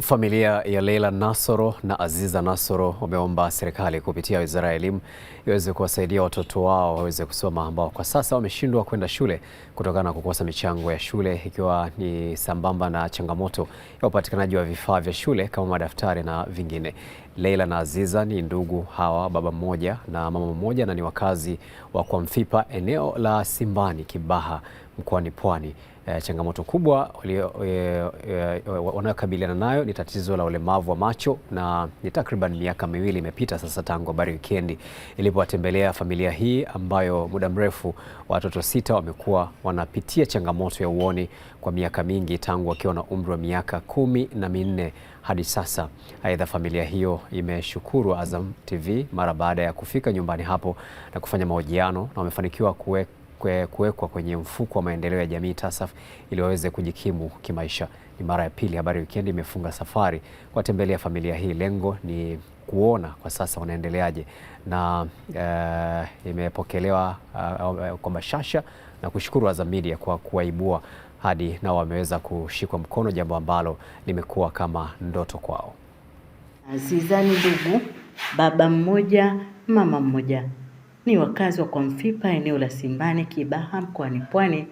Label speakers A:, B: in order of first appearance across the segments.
A: Familia ya Leila Nasoro na Aziza Nasoro wameomba serikali kupitia Wizara ya Elimu iweze kuwasaidia watoto wao waweze kusoma ambao kwa sasa wameshindwa kwenda shule kutokana na kukosa michango ya shule ikiwa ni sambamba na changamoto ya upatikanaji wa vifaa vya shule kama madaftari na vingine. Leila na Aziza ni ndugu hawa baba mmoja na mama mmoja na ni wakazi wa Kwamfipa eneo la Simbani Kibaha mkoani Pwani eh, changamoto kubwa eh, eh, wanayokabiliana nayo ni tatizo la ulemavu wa macho, na ni takriban miaka miwili imepita sasa tangu habari wikendi ilipowatembelea familia hii ambayo muda mrefu watoto sita wamekuwa wanapitia changamoto ya uoni kwa miaka mingi tangu wakiwa na umri wa miaka kumi na minne hadi sasa. Aidha, familia hiyo imeshukuru Azam TV mara baada ya kufika nyumbani hapo na kufanya mahojiano na wamefanikiwa kuweka kuwekwa kwenye mfuko wa maendeleo ya jamii TASAF ili waweze kujikimu kimaisha. Ni mara ya pili Habari Wikendi imefunga safari kuwatembelea familia hii. Lengo ni kuona kwa sasa wanaendeleaje, na uh, imepokelewa uh, kwa bashasha na kushukuru Azam Media kwa kuwaibua hadi nao wameweza kushikwa mkono, jambo ambalo limekuwa kama ndoto kwao.
B: Sizani ndugu, baba mmoja, mama mmoja ni wakazi wa Kwamfipa eneo la simbani Kibaha mkoani Pwani.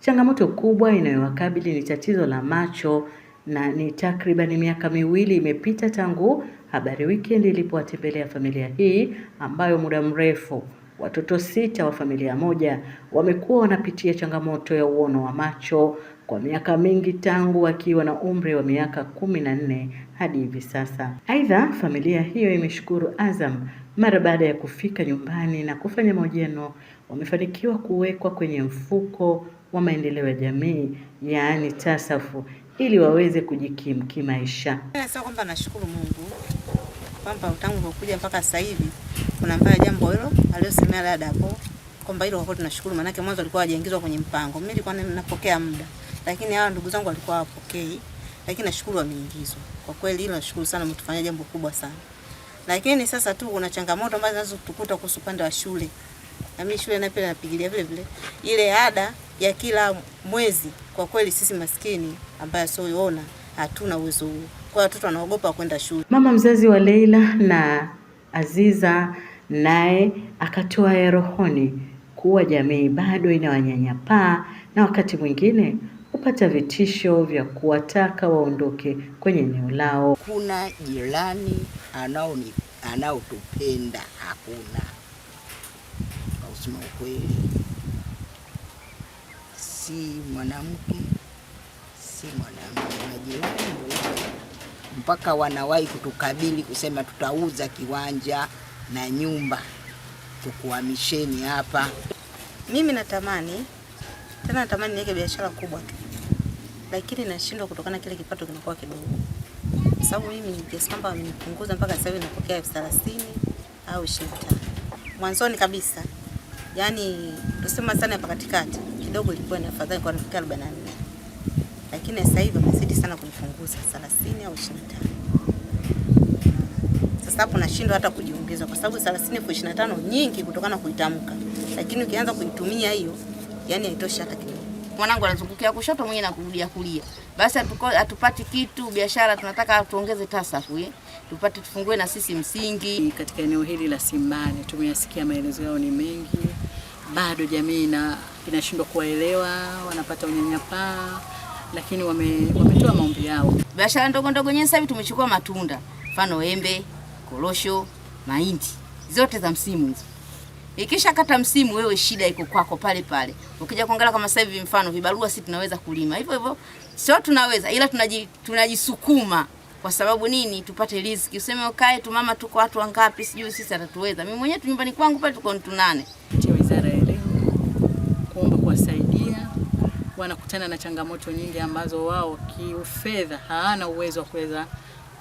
B: Changamoto kubwa inayowakabili ni tatizo la macho na ni takribani miaka miwili imepita tangu Habari Weekend ilipowatembelea familia hii ambayo muda mrefu watoto sita wa familia moja wamekuwa wanapitia changamoto ya uono wa macho kwa miaka mingi tangu wakiwa na umri wa miaka kumi na nne hadi hivi sasa. Aidha, familia hiyo imeshukuru Azam mara baada ya kufika nyumbani na kufanya mahojiano, wamefanikiwa kuwekwa kwenye mfuko wa maendeleo ya jamii yaani TASAFU ili waweze kujikimu kimaisha.
C: Nasema kwamba nashukuru Mungu kwamba tangu ulivyokuja mpaka sasa hivi kuna mbaya jambo hilo aliyosemea dada hapo kwamba hilo kwa tunashukuru, maanake mwanzo alikuwa hajaingizwa kwenye mpango. Mimi nilikuwa ninapokea muda, lakini hawa ndugu zangu walikuwa hawapokei, lakini nashukuru wameingizwa. Kwa kweli hilo nashukuru sana, mtufanyia jambo kubwa sana. Lakini sasa tu kuna changamoto ambazo zinazotukuta kuhusu upande wa shule, na mimi shule nayo napigilia vile vile ile ada ya kila mwezi. Kwa kweli sisi maskini ambaye asioona hatuna uwezo huo kwa watoto wanaogopa kwenda shule.
D: Mama mzazi wa Leila na Aziza naye akatoa ya rohoni kuwa jamii bado inawanyanyapaa na wakati mwingine hupata vitisho vya kuwataka waondoke kwenye eneo lao.
E: Kuna jirani anao anaoni anaotupenda hakuna, ausema ukweli, si mwanamke si mwanamke majirani mpaka wanawahi kutukabili kusema tutauza kiwanja na nyumba tukuhamisheni hapa.
F: Mimi natamani tena, natamani niweke biashara kubwa tu, lakini nashindwa kutokana kile kipato kinakuwa kidogo, kwa sababu mimi kiasi kwamba wamenipunguza mpaka sasa hivi napokea elfu thelathini au ishirini na tano mwanzoni kabisa, yani tusema sana hapa katikati kidogo ilikuwa ni afadhali kwa nafikia arobaini na nne lakini sasa hivi wamezidi sana kunifunguza 30 au 25. Sasa hapo nashindwa hata kujiongeza kwa sababu 30 kwa 25 nyingi kutokana kuitamka, lakini ukianza kuitumia hiyo, yani haitoshi hata kidogo.
G: Mwanangu anazungukia kushoto, mwenye na kurudia kulia, basi hatupati kitu. Biashara tunataka tuongeze tasafu eh, tupate tufungue na sisi msingi.
H: Katika eneo hili la Simbani. tumeyasikia maelezo yao ni mengi, bado jamii ina inashindwa kuwaelewa, wanapata unyanyapaa lakini wametoa maombi yao.
G: Biashara ndogo ndogo nyenye sasa tumechukua matunda, mfano embe, korosho, mahindi, zote za msimu hizo. Ikisha kata msimu, wewe shida iko kwako pale pale. Ukija kuangalia kama sasa hivi mfano vibarua, si tunaweza kulima hivyo hivyo, sio tunaweza, ila tunajisukuma kwa sababu nini? Tupate riziki. Useme ukae tu mama, tuko watu wangapi? Sijui sisi atatuweza. Mimi mwenyewe tu nyumbani kwangu pale tuko ntu nane.
I: wanakutana na changamoto nyingi ambazo wao kiufedha hawana uwezo wa kuweza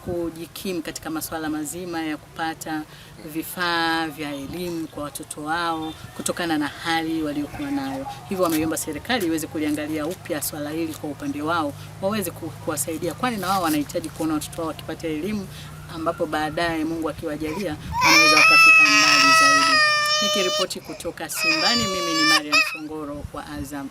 I: kujikimu katika masuala mazima ya kupata vifaa vya elimu kwa watoto wao kutokana na hali waliokuwa nayo. Hivyo wameiomba serikali iweze kuliangalia upya swala hili kwa upande wao, waweze kuwasaidia, kwani na wao wanahitaji kuona watoto wao wakipata elimu, ambapo baadaye Mungu akiwajalia wanaweza wakafika mbali zaidi. Nikiripoti kutoka Simbani, mimi ni Mariam Songoro wa Azam.